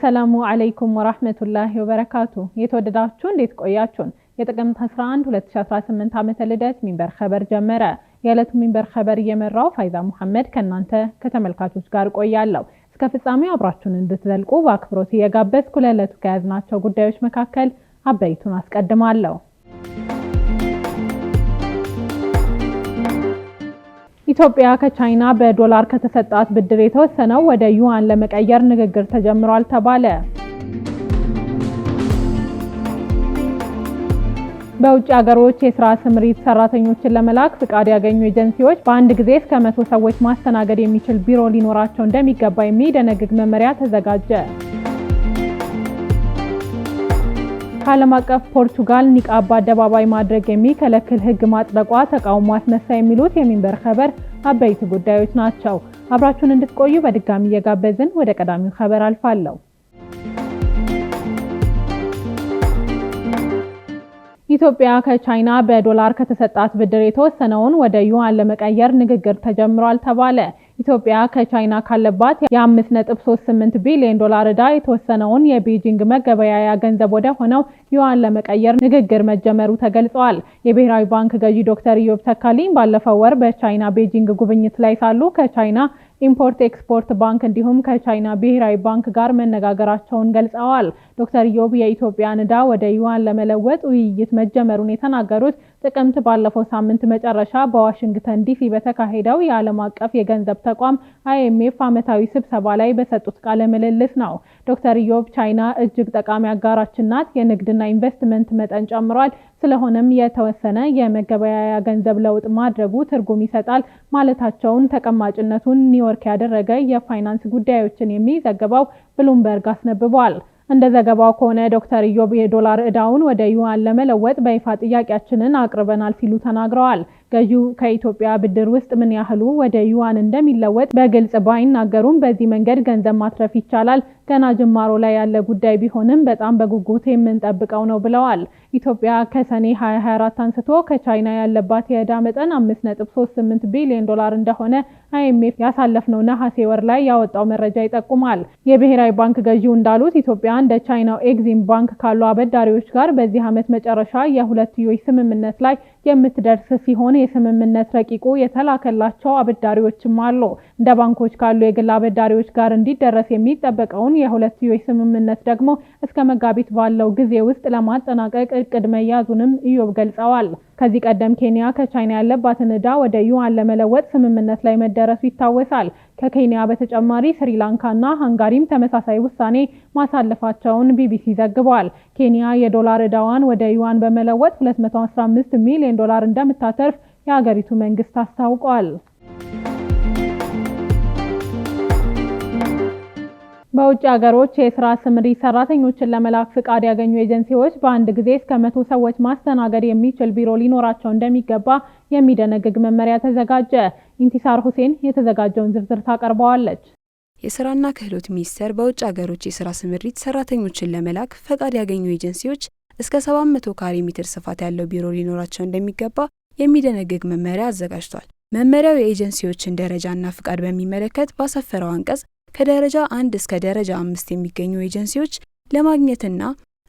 አሰላሙ አለይኩም ወራህመቱላሂ ወበረካቱ። የተወደዳችሁ እንዴት ቆያችሁን? የጥቅምት 11 2018 ዓመተ ልደት ሚንበር ኸበር ጀመረ። የዕለቱ ሚንበር ኸበር እየመራው ፋይዛ ሙሐመድ ከእናንተ ከተመልካቾች ጋር ቆያለሁ። እስከ ፍጻሜው አብራችሁን እንድትዘልቁ በአክብሮት እየጋበዝኩ ለዕለቱ ከያዝናቸው ጉዳዮች መካከል አበይቱን አስቀድማለሁ። ኢትዮጵያ ከቻይና በዶላር ከተሰጣት ብድር የተወሰነው ወደ ዩዋን ለመቀየር ንግግር ተጀምሯል ተባለ። በውጭ ሀገሮች የስራ ስምሪት ሰራተኞችን ለመላክ ፍቃድ ያገኙ ኤጀንሲዎች በአንድ ጊዜ እስከ መቶ ሰዎች ማስተናገድ የሚችል ቢሮ ሊኖራቸው እንደሚገባ የሚደነግግ መመሪያ ተዘጋጀ። ከዓለም አቀፍ ፖርቱጋል ኒቃብ በአደባባይ ማድረግ የሚከለክል ህግ ማጽደቋ ተቃውሞ አስነሳ የሚሉት የሚንበር ኸበር አበይት ጉዳዮች ናቸው። አብራችሁን እንድትቆዩ በድጋሚ እየጋበዝን ወደ ቀዳሚው ኸበር አልፋለሁ። ኢትዮጵያ ከቻይና በዶላር ከተሰጣት ብድር የተወሰነውን ወደ ዩዋን ለመቀየር ንግግር ተጀምሯል ተባለ። ኢትዮጵያ ከቻይና ካለባት የ5.38 ቢሊዮን ዶላር ዕዳ የተወሰነውን የቤጂንግ መገበያያ ገንዘብ ወደ ሆነው ዩዋን ለመቀየር ንግግር መጀመሩ ተገልጸዋል። የብሔራዊ ባንክ ገዢ ዶክተር ኢዮብ ተካልኝ ባለፈው ወር በቻይና ቤጂንግ ጉብኝት ላይ ሳሉ ከቻይና ኢምፖርት ኤክስፖርት ባንክ እንዲሁም ከቻይና ብሔራዊ ባንክ ጋር መነጋገራቸውን ገልጸዋል። ዶክተር ኢዮብ የኢትዮጵያን ዕዳ ወደ ዩዋን ለመለወጥ ውይይት መጀመሩን የተናገሩት ጥቅምት ባለፈው ሳምንት መጨረሻ በዋሽንግተን ዲሲ በተካሄደው የዓለም አቀፍ የገንዘብ ተቋም አይኤምኤፍ ዓመታዊ ስብሰባ ላይ በሰጡት ቃለ ምልልስ ነው ዶክተር ኢዮብ ቻይና እጅግ ጠቃሚ አጋራችን ናት፣ የንግድና ኢንቨስትመንት መጠን ጨምሯል፣ ስለሆነም የተወሰነ የመገበያያ ገንዘብ ለውጥ ማድረጉ ትርጉም ይሰጣል ማለታቸውን ተቀማጭነቱን ኒውዮርክ ያደረገ የፋይናንስ ጉዳዮችን የሚዘግበው ብሉምበርግ አስነብቧል። እንደ ዘገባው ከሆነ ዶክተር ኢዮብ የዶላር ዕዳውን ወደ ዩዋን ለመለወጥ በይፋ ጥያቄያችንን አቅርበናል ሲሉ ተናግረዋል። ገዢው ከኢትዮጵያ ብድር ውስጥ ምን ያህሉ ወደ ዩዋን እንደሚለወጥ በግልጽ ባይናገሩም በዚህ መንገድ ገንዘብ ማትረፍ ይቻላል፣ ገና ጅማሮ ላይ ያለ ጉዳይ ቢሆንም በጣም በጉጉት የምንጠብቀው ነው ብለዋል። ኢትዮጵያ ከሰኔ 2024 አንስቶ ከቻይና ያለባት የዕዳ መጠን 5.38 ቢሊዮን ዶላር እንደሆነ አይኤምኤፍ ያሳለፍነው ነሐሴ ወር ላይ ያወጣው መረጃ ይጠቁማል። የብሔራዊ ባንክ ገዢው እንዳሉት ኢትዮጵያ እንደ ቻይናው ኤግዚም ባንክ ካሉ አበዳሪዎች ጋር በዚህ ዓመት መጨረሻ የሁለትዮሽ ስምምነት ላይ የምትደርስ ሲሆን የስምምነት ረቂቁ የተላከላቸው አበዳሪዎችም አሉ። እንደ ባንኮች ካሉ የግል አበዳሪዎች ጋር እንዲደረስ የሚጠበቀውን የሁለትዮሽ ስምምነት ደግሞ እስከ መጋቢት ባለው ጊዜ ውስጥ ለማጠናቀቅ እቅድ መያዙንም ኢዮብ ገልጸዋል። ከዚህ ቀደም ኬንያ ከቻይና ያለባትን ዕዳ ወደ ዩዋን ለመለወጥ ስምምነት ላይ መደረሱ ይታወሳል። ከኬንያ በተጨማሪ ስሪላንካ እና ሃንጋሪም ተመሳሳይ ውሳኔ ማሳለፋቸውን ቢቢሲ ዘግቧል። ኬንያ የዶላር ዕዳዋን ወደ ዩዋን በመለወጥ 215 ሚሊዮን ዶላር እንደምታተርፍ የሀገሪቱ መንግስት አስታውቋል። በውጭ ሀገሮች የስራ ስምሪት ሰራተኞችን ለመላክ ፍቃድ ያገኙ ኤጀንሲዎች በአንድ ጊዜ እስከ መቶ ሰዎች ማስተናገድ የሚችል ቢሮ ሊኖራቸው እንደሚገባ የሚደነግግ መመሪያ ተዘጋጀ። ኢንቲሳር ሁሴን የተዘጋጀውን ዝርዝር ታቀርበዋለች። የስራና ክህሎት ሚኒስቴር በውጭ ሀገሮች የስራ ስምሪት ሰራተኞችን ለመላክ ፈቃድ ያገኙ ኤጀንሲዎች እስከ 700 ካሬ ሜትር ስፋት ያለው ቢሮ ሊኖራቸው እንደሚገባ የሚደነግግ መመሪያ አዘጋጅቷል። መመሪያው የኤጀንሲዎችን ደረጃና ፍቃድ በሚመለከት ባሰፈረው አንቀጽ ከደረጃ አንድ እስከ ደረጃ አምስት የሚገኙ ኤጀንሲዎች ለማግኘትና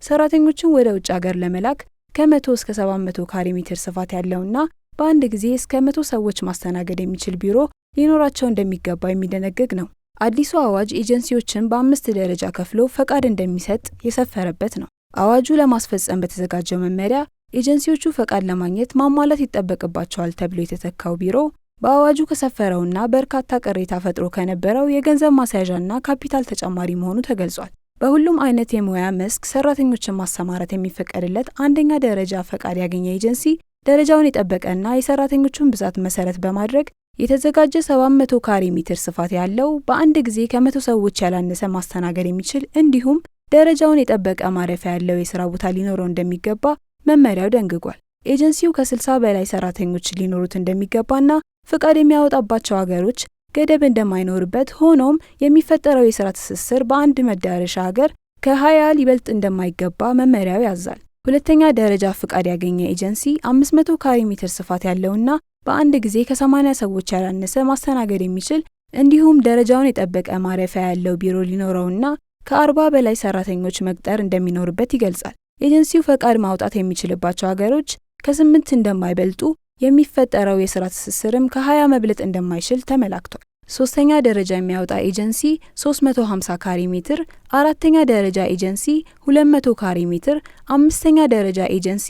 ሰራተኞችን ወደ ውጭ ሀገር ለመላክ ከ100 እስከ 700 ካሬ ሜትር ስፋት ያለውና በአንድ ጊዜ እስከ 100 ሰዎች ማስተናገድ የሚችል ቢሮ ሊኖራቸው እንደሚገባ የሚደነግግ ነው። አዲሱ አዋጅ ኤጀንሲዎችን በአምስት ደረጃ ከፍሎ ፈቃድ እንደሚሰጥ የሰፈረበት ነው። አዋጁ ለማስፈጸም በተዘጋጀው መመሪያ ኤጀንሲዎቹ ፈቃድ ለማግኘት ማሟላት ይጠበቅባቸዋል ተብሎ የተተካው ቢሮ በአዋጁ ከሰፈረውና በርካታ ቅሬታ ፈጥሮ ከነበረው የገንዘብ ማስያዣና ካፒታል ተጨማሪ መሆኑ ተገልጿል። በሁሉም አይነት የሙያ መስክ ሰራተኞችን ማሰማራት የሚፈቀድለት አንደኛ ደረጃ ፈቃድ ያገኘ ኤጀንሲ ደረጃውን የጠበቀና የሰራተኞቹን ብዛት መሰረት በማድረግ የተዘጋጀ 700 ካሬ ሜትር ስፋት ያለው በአንድ ጊዜ ከመቶ ሰዎች ያላነሰ ማስተናገድ የሚችል እንዲሁም ደረጃውን የጠበቀ ማረፊያ ያለው የስራ ቦታ ሊኖረው እንደሚገባ መመሪያው ደንግጓል። ኤጀንሲው ከ60 በላይ ሰራተኞች ሊኖሩት እንደሚገባና ፍቃድ የሚያወጣባቸው ሀገሮች ገደብ እንደማይኖርበት፣ ሆኖም የሚፈጠረው የስራ ትስስር በአንድ መዳረሻ ሀገር ከሀያ ሊበልጥ እንደማይገባ መመሪያው ያዛል። ሁለተኛ ደረጃ ፍቃድ ያገኘ ኤጀንሲ 500 ካሬ ሜትር ስፋት ያለውና በአንድ ጊዜ ከ80 ሰዎች ያላነሰ ማስተናገድ የሚችል እንዲሁም ደረጃውን የጠበቀ ማረፊያ ያለው ቢሮ ሊኖረውና ከ40 በላይ ሰራተኞች መቅጠር እንደሚኖርበት ይገልጻል። ኤጀንሲው ፈቃድ ማውጣት የሚችልባቸው ሀገሮች ከስምንት እንደማይበልጡ የሚፈጠረው የስራ ትስስርም ከ20 መብለጥ እንደማይችል ተመላክቷል። ሶስተኛ ደረጃ የሚያወጣ ኤጀንሲ 350 ካሬ ሜትር፣ አራተኛ ደረጃ ኤጀንሲ 200 ካሬ ሜትር፣ አምስተኛ ደረጃ ኤጀንሲ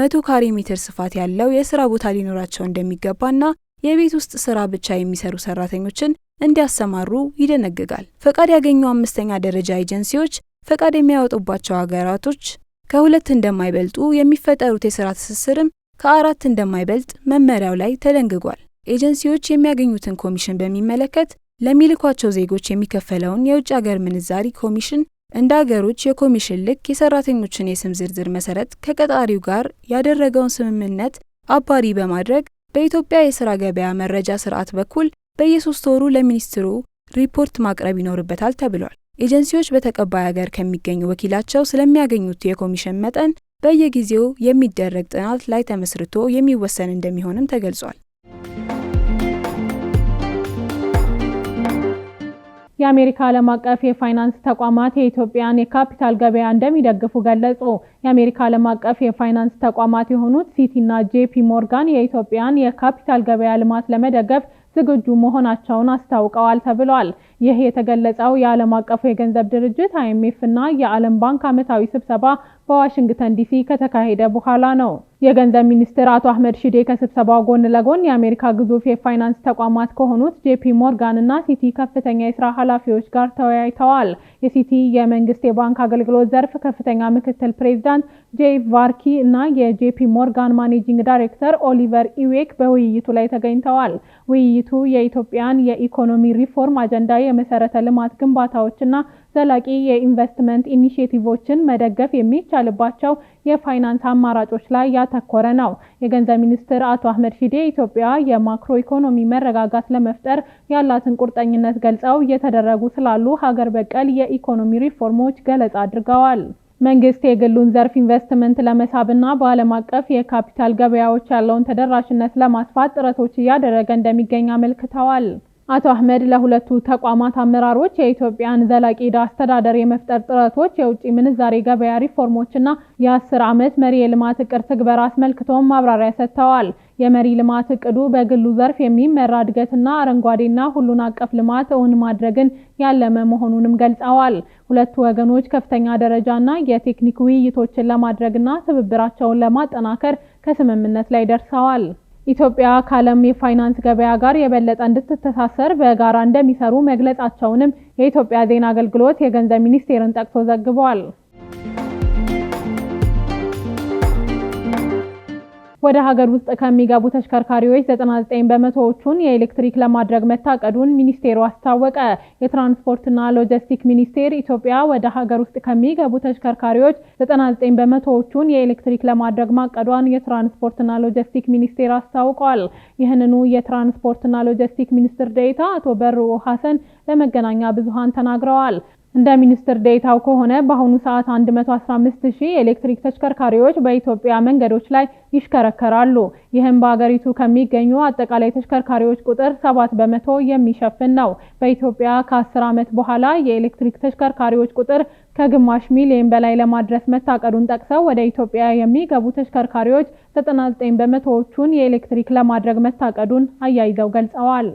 100 ካሬ ሜትር ስፋት ያለው የስራ ቦታ ሊኖራቸው እንደሚገባና የቤት ውስጥ ስራ ብቻ የሚሰሩ ሰራተኞችን እንዲያሰማሩ ይደነግጋል። ፈቃድ ያገኙ አምስተኛ ደረጃ ኤጀንሲዎች ፈቃድ የሚያወጡባቸው ሀገራቶች ከሁለት እንደማይበልጡ የሚፈጠሩት የስራ ትስስርም ከአራት እንደማይበልጥ መመሪያው ላይ ተደንግጓል። ኤጀንሲዎች የሚያገኙትን ኮሚሽን በሚመለከት ለሚልኳቸው ዜጎች የሚከፈለውን የውጭ አገር ምንዛሪ ኮሚሽን እንደ አገሮች የኮሚሽን ልክ የሰራተኞችን የስም ዝርዝር መሰረት ከቀጣሪው ጋር ያደረገውን ስምምነት አባሪ በማድረግ በኢትዮጵያ የስራ ገበያ መረጃ ስርዓት በኩል በየሶስት ወሩ ለሚኒስትሩ ሪፖርት ማቅረብ ይኖርበታል ተብሏል። ኤጀንሲዎች በተቀባይ ሀገር ከሚገኙ ወኪላቸው ስለሚያገኙት የኮሚሽን መጠን በየጊዜው የሚደረግ ጥናት ላይ ተመስርቶ የሚወሰን እንደሚሆንም ተገልጿል። የአሜሪካ ዓለም አቀፍ የፋይናንስ ተቋማት የኢትዮጵያን የካፒታል ገበያ እንደሚደግፉ ገለጹ። የአሜሪካ ዓለም አቀፍ የፋይናንስ ተቋማት የሆኑት ሲቲ እና ጄፒ ሞርጋን የኢትዮጵያን የካፒታል ገበያ ልማት ለመደገፍ ዝግጁ መሆናቸውን አስታውቀዋል ተብሏል። ይህ የተገለጸው የዓለም አቀፉ የገንዘብ ድርጅት አይኤምኤፍ እና የዓለም ባንክ ዓመታዊ ስብሰባ በዋሽንግተን ዲሲ ከተካሄደ በኋላ ነው። የገንዘብ ሚኒስትር አቶ አህመድ ሺዴ ከስብሰባው ጎን ለጎን የአሜሪካ ግዙፍ የፋይናንስ ተቋማት ከሆኑት ጄፒ ሞርጋን እና ሲቲ ከፍተኛ የስራ ኃላፊዎች ጋር ተወያይተዋል። የሲቲ የመንግስት የባንክ አገልግሎት ዘርፍ ከፍተኛ ምክትል ፕሬዚዳንት ጄ ቫርኪ እና የጄፒ ሞርጋን ማኔጂንግ ዳይሬክተር ኦሊቨር ኢዌክ በውይይቱ ላይ ተገኝተዋል። ውይይቱ የኢትዮጵያን የኢኮኖሚ ሪፎርም አጀንዳ፣ የመሰረተ ልማት ግንባታዎችና ዘላቂ የኢንቨስትመንት ኢኒሽቲቮችን መደገፍ የሚቻልባቸው የፋይናንስ አማራጮች ላይ ያተኮረ ነው። የገንዘብ ሚኒስትር አቶ አህመድ ሺዴ ኢትዮጵያ የማክሮ ኢኮኖሚ መረጋጋት ለመፍጠር ያላትን ቁርጠኝነት ገልጸው እየተደረጉ ስላሉ ሀገር በቀል የኢኮኖሚ ሪፎርሞች ገለጻ አድርገዋል። መንግስት የግሉን ዘርፍ ኢንቨስትመንት ለመሳብና በዓለም አቀፍ የካፒታል ገበያዎች ያለውን ተደራሽነት ለማስፋት ጥረቶች እያደረገ እንደሚገኝ አመልክተዋል። አቶ አህመድ ለሁለቱ ተቋማት አመራሮች የኢትዮጵያን ዘላቂ ዕዳ አስተዳደር የመፍጠር ጥረቶች፣ የውጭ ምንዛሬ ገበያ ሪፎርሞችና የአስር ዓመት መሪ የልማት እቅድ ትግበር አስመልክቶም ማብራሪያ ሰጥተዋል። የመሪ ልማት እቅዱ በግሉ ዘርፍ የሚመራ እድገትና አረንጓዴና ሁሉን አቀፍ ልማት እውን ማድረግን ያለመ መሆኑንም ገልጸዋል። ሁለቱ ወገኖች ከፍተኛ ደረጃና የቴክኒክ ውይይቶችን ለማድረግና ትብብራቸውን ለማጠናከር ከስምምነት ላይ ደርሰዋል። ኢትዮጵያ ከዓለም የፋይናንስ ገበያ ጋር የበለጠ እንድትተሳሰር በጋራ እንደሚሰሩ መግለጻቸውንም የኢትዮጵያ ዜና አገልግሎት የገንዘብ ሚኒስቴርን ጠቅሶ ዘግቧል። ወደ ሀገር ውስጥ ከሚገቡ ተሽከርካሪዎች 99 በመቶዎቹን የኤሌክትሪክ ለማድረግ መታቀዱን ሚኒስቴሩ አስታወቀ። የትራንስፖርትና ሎጂስቲክ ሚኒስቴር ኢትዮጵያ ወደ ሀገር ውስጥ ከሚገቡ ተሽከርካሪዎች 99 በመቶዎቹን የኤሌክትሪክ ለማድረግ ማቀዷን የትራንስፖርትና ሎጂስቲክ ሚኒስቴር አስታውቋል። ይህንኑ የትራንስፖርትና ሎጂስቲክ ሚኒስትር ዴኤታ አቶ በርኡ ሀሰን ለመገናኛ ብዙሃን ተናግረዋል። እንደ ሚኒስትር ዴታው ከሆነ በአሁኑ ሰዓት 115 ሺህ የኤሌክትሪክ ተሽከርካሪዎች በኢትዮጵያ መንገዶች ላይ ይሽከረከራሉ። ይህም በሀገሪቱ ከሚገኙ አጠቃላይ ተሽከርካሪዎች ቁጥር 7 በመቶ የሚሸፍን ነው። በኢትዮጵያ ከ10 ዓመት በኋላ የኤሌክትሪክ ተሽከርካሪዎች ቁጥር ከግማሽ ሚሊዮን በላይ ለማድረስ መታቀዱን ጠቅሰው ወደ ኢትዮጵያ የሚገቡ ተሽከርካሪዎች 99 በመቶዎቹን የኤሌክትሪክ ለማድረግ መታቀዱን አያይዘው ገልጸዋል።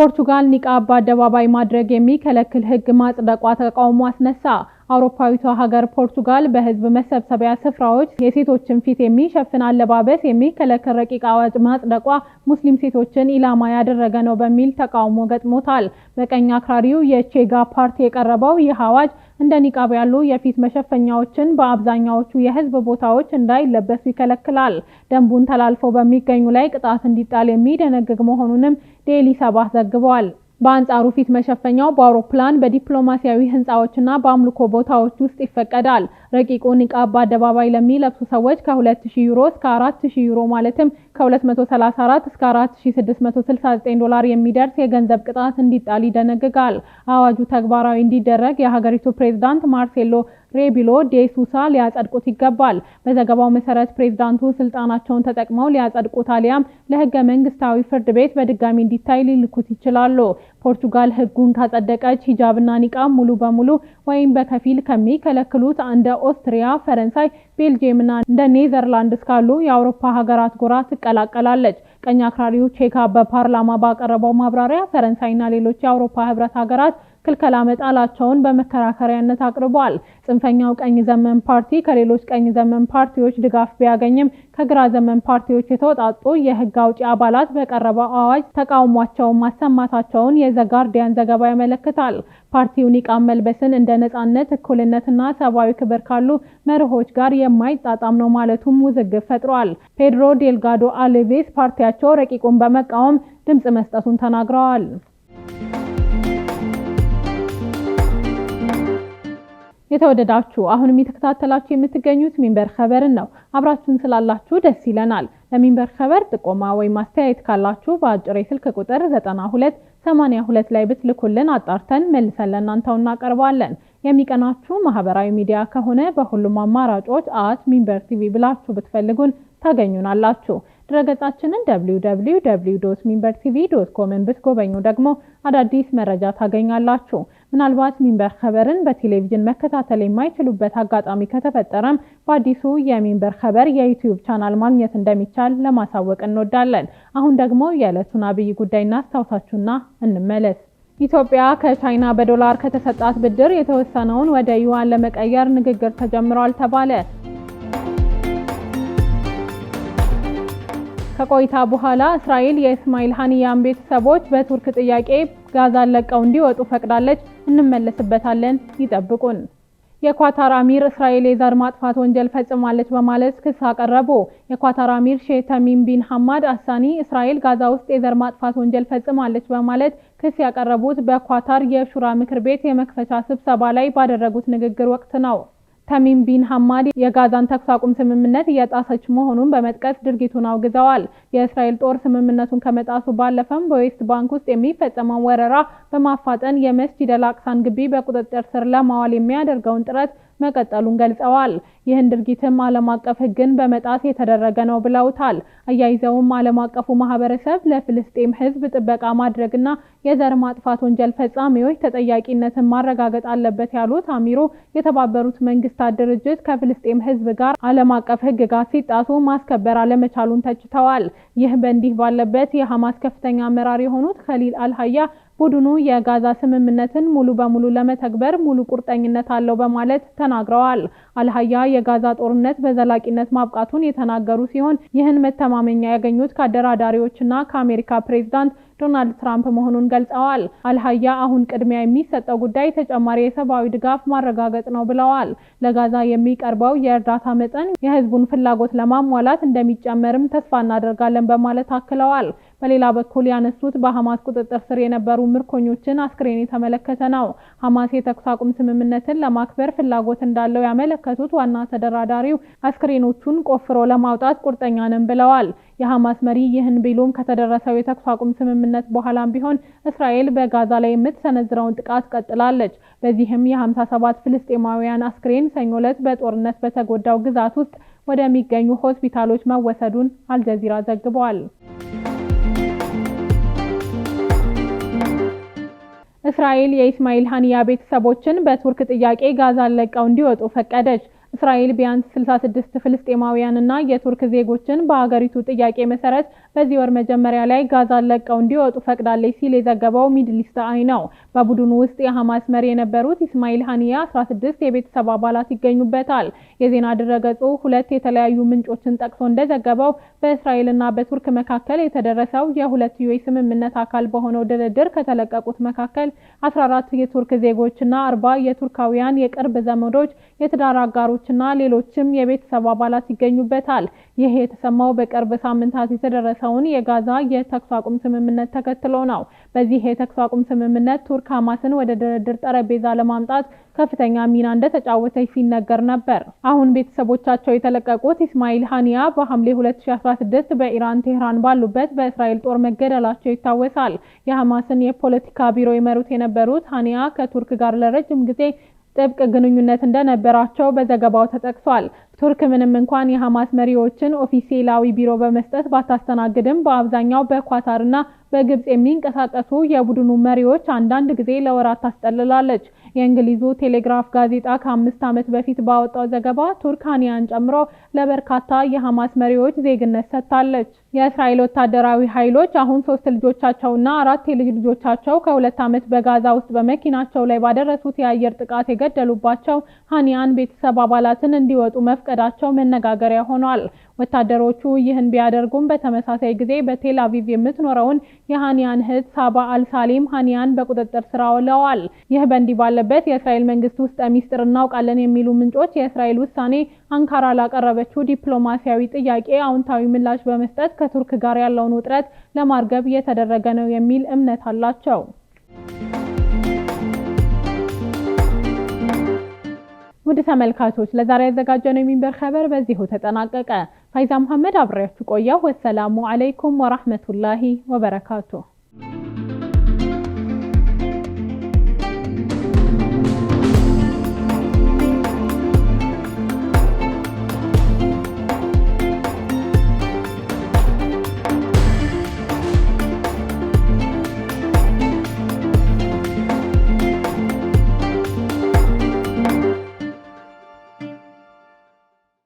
ፖርቱጋል ኒቃብ በአደባባይ ማድረግ የሚከለክል ህግ ማጽደቋ ተቃውሞ አስነሳ። አውሮፓዊቷ ሀገር ፖርቱጋል በህዝብ መሰብሰቢያ ስፍራዎች የሴቶችን ፊት የሚሸፍን አለባበስ የሚከለክል ረቂቅ አዋጅ ማጽደቋ ሙስሊም ሴቶችን ኢላማ ያደረገ ነው በሚል ተቃውሞ ገጥሞታል። በቀኝ አክራሪው የቼጋ ፓርቲ የቀረበው ይህ አዋጅ እንደ ኒቃብ ያሉ የፊት መሸፈኛዎችን በአብዛኛዎቹ የህዝብ ቦታዎች እንዳይለበሱ ይከለክላል። ደንቡን ተላልፎ በሚገኙ ላይ ቅጣት እንዲጣል የሚደነግግ መሆኑንም ዴሊ ሰባት ዘግቧል። በአንጻሩ ፊት መሸፈኛው በአውሮፕላን በዲፕሎማሲያዊ ህንፃዎችና በአምልኮ ቦታዎች ውስጥ ይፈቀዳል። ረቂቁ ኒቃብ በአደባባይ ለሚለብሱ ሰዎች ከ2000 ዩሮ እስከ 4000 ዩሮ ማለትም ከ234 እስከ 4669 ዶላር የሚደርስ የገንዘብ ቅጣት እንዲጣል ይደነግጋል። አዋጁ ተግባራዊ እንዲደረግ የሀገሪቱ ፕሬዝዳንት ማርሴሎ ሬቢሎ ዴሱሳ ሊያጸድቁት ይገባል። በዘገባው መሰረት ፕሬዝዳንቱ ስልጣናቸውን ተጠቅመው ሊያጸድቁት አሊያም ለህገ መንግስታዊ ፍርድ ቤት በድጋሚ እንዲታይ ሊልኩት ይችላሉ። ፖርቱጋል ህጉን ካጸደቀች ሂጃብና ኒቃብ ሙሉ በሙሉ ወይም በከፊል ከሚከለክሉት እንደ ኦስትሪያ፣ ፈረንሳይ፣ ቤልጅየምና እንደ ኔዘርላንድስ ካሉ የአውሮፓ ሀገራት ጎራ ትቀላቀላለች። ቀኝ አክራሪው ቼካ በፓርላማ ባቀረበው ማብራሪያ ፈረንሳይና ሌሎች የአውሮፓ ህብረት ሀገራት ክልከላ መጣላቸውን በመከራከሪያነት አቅርቧል። ጽንፈኛው ቀኝ ዘመን ፓርቲ ከሌሎች ቀኝ ዘመን ፓርቲዎች ድጋፍ ቢያገኝም ከግራ ዘመን ፓርቲዎች የተወጣጡ የህግ አውጪ አባላት በቀረበው አዋጅ ተቃውሟቸውን ማሰማታቸውን የዘጋርዲያን ዘገባ ያመለክታል። ፓርቲው ኒቃብ መልበስን እንደ ነጻነት፣ እኩልነትና ሰብአዊ ክብር ካሉ መርሆች ጋር የማይጣጣም ነው ማለቱም ውዝግብ ፈጥሯል። ፔድሮ ዴልጋዶ አልቬስ ፓርቲያቸው ረቂቁን በመቃወም ድምጽ መስጠቱን ተናግረዋል። የተወደዳችሁ አሁንም የተከታተላችሁ የምትገኙት ሚንበር ኸበርን ነው። አብራችሁን ስላላችሁ ደስ ይለናል። ለሚንበር ኸበር ጥቆማ ወይም ማስተያየት ካላችሁ በአጭር የስልክ ቁጥር 92 82 ላይ ብትልኩልን አጣርተን መልሰን ለእናንተው እናቀርባለን። የሚቀናችሁ ማህበራዊ ሚዲያ ከሆነ በሁሉም አማራጮች አት ሚንበር ቲቪ ብላችሁ ብትፈልጉን ታገኙናላችሁ። ድረገጻችንን www ዶት ሚንበር ቲቪ ዶት ኮምን ብትጎበኙ ደግሞ አዳዲስ መረጃ ታገኛላችሁ። ምናልባት ሚንበር ኸበርን በቴሌቪዥን መከታተል የማይችሉበት አጋጣሚ ከተፈጠረም በአዲሱ የሚንበር ኸበር የዩቲዩብ ቻናል ማግኘት እንደሚቻል ለማሳወቅ እንወዳለን። አሁን ደግሞ የዕለቱን አብይ ጉዳይ እናስታውሳችሁና እንመለስ። ኢትዮጵያ ከቻይና በዶላር ከተሰጣት ብድር የተወሰነውን ወደ ዩዋን ለመቀየር ንግግር ተጀምሯል ተባለ። ከቆይታ በኋላ እስራኤል የእስማኤል ሀኒያን ቤተሰቦች በቱርክ ጥያቄ ጋዛን ለቀው እንዲወጡ ፈቅዳለች። እንመለስበታለን፣ ይጠብቁን። የኳታር አሚር እስራኤል የዘር ማጥፋት ወንጀል ፈጽማለች በማለት ክስ አቀረቡ። የኳታር አሚር ሼህ ተሚም ቢን ሐማድ አሳኒ እስራኤል ጋዛ ውስጥ የዘር ማጥፋት ወንጀል ፈጽማለች በማለት ክስ ያቀረቡት በኳታር የሹራ ምክር ቤት የመክፈቻ ስብሰባ ላይ ባደረጉት ንግግር ወቅት ነው። ተሚም ቢን ሐማድ የጋዛን ተኩስ አቁም ስምምነት እየጣሰች መሆኑን በመጥቀስ ድርጊቱን አውግዘዋል። የእስራኤል ጦር ስምምነቱን ከመጣሱ ባለፈም በዌስት ባንክ ውስጥ የሚፈጸመውን ወረራ በማፋጠን የመስጂድ አል አቅሳን ግቢ በቁጥጥር ስር ለማዋል የሚያደርገውን ጥረት መቀጠሉን ገልጸዋል። ይህን ድርጊትም ዓለም አቀፍ ሕግን በመጣስ የተደረገ ነው ብለውታል። አያይዘውም ዓለም አቀፉ ማህበረሰብ ለፍልስጤም ሕዝብ ጥበቃ ማድረግና የዘር ማጥፋት ወንጀል ፈጻሚዎች ተጠያቂነትን ማረጋገጥ አለበት ያሉት አሚሮ የተባበሩት መንግስታት ድርጅት ከፍልስጤም ሕዝብ ጋር ዓለም አቀፍ ሕግጋት ሲጣሱ ማስከበር አለመቻሉን ተችተዋል። ይህ በእንዲህ ባለበት የሐማስ ከፍተኛ አመራር የሆኑት ከሊል አልሀያ ቡድኑ የጋዛ ስምምነትን ሙሉ በሙሉ ለመተግበር ሙሉ ቁርጠኝነት አለው በማለት ተናግረዋል። አልሀያ የጋዛ ጦርነት በዘላቂነት ማብቃቱን የተናገሩ ሲሆን ይህን መተማመኛ ያገኙት ከአደራዳሪዎችና ከአሜሪካ ፕሬዝዳንት ዶናልድ ትራምፕ መሆኑን ገልጸዋል። አልሀያ አሁን ቅድሚያ የሚሰጠው ጉዳይ ተጨማሪ የሰብአዊ ድጋፍ ማረጋገጥ ነው ብለዋል። ለጋዛ የሚቀርበው የእርዳታ መጠን የህዝቡን ፍላጎት ለማሟላት እንደሚጨመርም ተስፋ እናደርጋለን በማለት አክለዋል። በሌላ በኩል ያነሱት በሐማስ ቁጥጥር ስር የነበሩ ምርኮኞችን አስክሬን የተመለከተ ነው። ሐማስ የተኩስ አቁም ስምምነትን ለማክበር ፍላጎት እንዳለው ያመለከቱት ዋና ተደራዳሪው አስክሬኖቹን ቆፍሮ ለማውጣት ቁርጠኛ ነን ብለዋል። የሐማስ መሪ ይህን ቢሉም ከተደረሰው የተኩስ አቁም ስምምነት በኋላም ቢሆን እስራኤል በጋዛ ላይ የምትሰነዝረውን ጥቃት ቀጥላለች። በዚህም የ57 ፍልስጤማውያን አስክሬን ሰኞ ዕለት በጦርነት በተጎዳው ግዛት ውስጥ ወደሚገኙ ሆስፒታሎች መወሰዱን አልጀዚራ ዘግቧል። እስራኤል የኢስማኤል ሀኒያ ቤተሰቦችን በቱርክ ጥያቄ ጋዛን ለቀው እንዲወጡ ፈቀደች። እስራኤል ቢያንስ 66 ፍልስጤማውያንና የቱርክ ዜጎችን በሀገሪቱ ጥያቄ መሰረት በዚህ ወር መጀመሪያ ላይ ጋዛን ለቀው እንዲወጡ ፈቅዳለች ሲል የዘገበው ሚድሊስት አይ ነው። በቡድኑ ውስጥ የሐማስ መሪ የነበሩት ኢስማኤል ሀኒያ 16 የቤተሰብ አባላት ይገኙበታል። የዜና ድረገጹ ሁለት የተለያዩ ምንጮችን ጠቅሶ እንደዘገበው በእስራኤልና በቱርክ መካከል የተደረሰው የሁለትዮሽ ስምምነት አካል በሆነው ድርድር ከተለቀቁት መካከል 14 የቱርክ ዜጎችና 40 የቱርካውያን የቅርብ ዘመዶች የትዳር አጋሩ ባለሙያዎችና ሌሎችም የቤተሰብ አባላት ይገኙበታል። ይህ የተሰማው በቅርብ ሳምንታት የተደረሰውን የጋዛ የተኩስ አቁም ስምምነት ተከትሎ ነው። በዚህ የተኩስ አቁም ስምምነት ቱርክ ሐማስን ወደ ድርድር ጠረጴዛ ለማምጣት ከፍተኛ ሚና እንደተጫወተች ሲነገር ነበር። አሁን ቤተሰቦቻቸው የተለቀቁት ኢስማኤል ሀኒያ በሐምሌ 2016 በኢራን ቴህራን ባሉበት በእስራኤል ጦር መገደላቸው ይታወሳል። የሐማስን የፖለቲካ ቢሮ ይመሩት የነበሩት ሃኒያ ከቱርክ ጋር ለረጅም ጊዜ ጥብቅ ግንኙነት እንደነበራቸው በዘገባው ተጠቅሷል። ቱርክ ምንም እንኳን የሐማስ መሪዎችን ኦፊሴላዊ ቢሮ በመስጠት ባታስተናግድም በአብዛኛው በኳታርና በግብፅ የሚንቀሳቀሱ የቡድኑ መሪዎች አንዳንድ ጊዜ ለወራት ታስጠልላለች። የእንግሊዙ ቴሌግራፍ ጋዜጣ ከአምስት ዓመት በፊት ባወጣው ዘገባ ቱርክ ሃኒያን ጨምሮ ለበርካታ የሐማስ መሪዎች ዜግነት ሰጥታለች። የእስራኤል ወታደራዊ ኃይሎች አሁን ሶስት ልጆቻቸውና አራት የልጅ ልጆቻቸው ከሁለት ዓመት በጋዛ ውስጥ በመኪናቸው ላይ ባደረሱት የአየር ጥቃት የገደሉባቸው ሃኒያን ቤተሰብ አባላትን እንዲወጡ መፍቀ ማቀዳቸው መነጋገሪያ ሆኗል። ወታደሮቹ ይህን ቢያደርጉም በተመሳሳይ ጊዜ በቴል አቪቭ የምትኖረውን የሃኒያን እህት ሳባ አልሳሊም ሃኒያን በቁጥጥር ስር አውለዋል። ይህ በእንዲህ ባለበት የእስራኤል መንግስት ውስጥ ሚስጥር እናውቃለን የሚሉ ምንጮች የእስራኤል ውሳኔ አንካራ ላቀረበችው ዲፕሎማሲያዊ ጥያቄ አውንታዊ ምላሽ በመስጠት ከቱርክ ጋር ያለውን ውጥረት ለማርገብ እየተደረገ ነው የሚል እምነት አላቸው። ውድ ተመልካቾች ለዛሬ ያዘጋጀነው የሚንበር ኸበር በዚሁ ተጠናቀቀ። ፋይዛ መሐመድ አብሬያችሁ ቆየሁ። ወሰላሙ አለይኩም ወራህመቱላሂ ወበረካቱ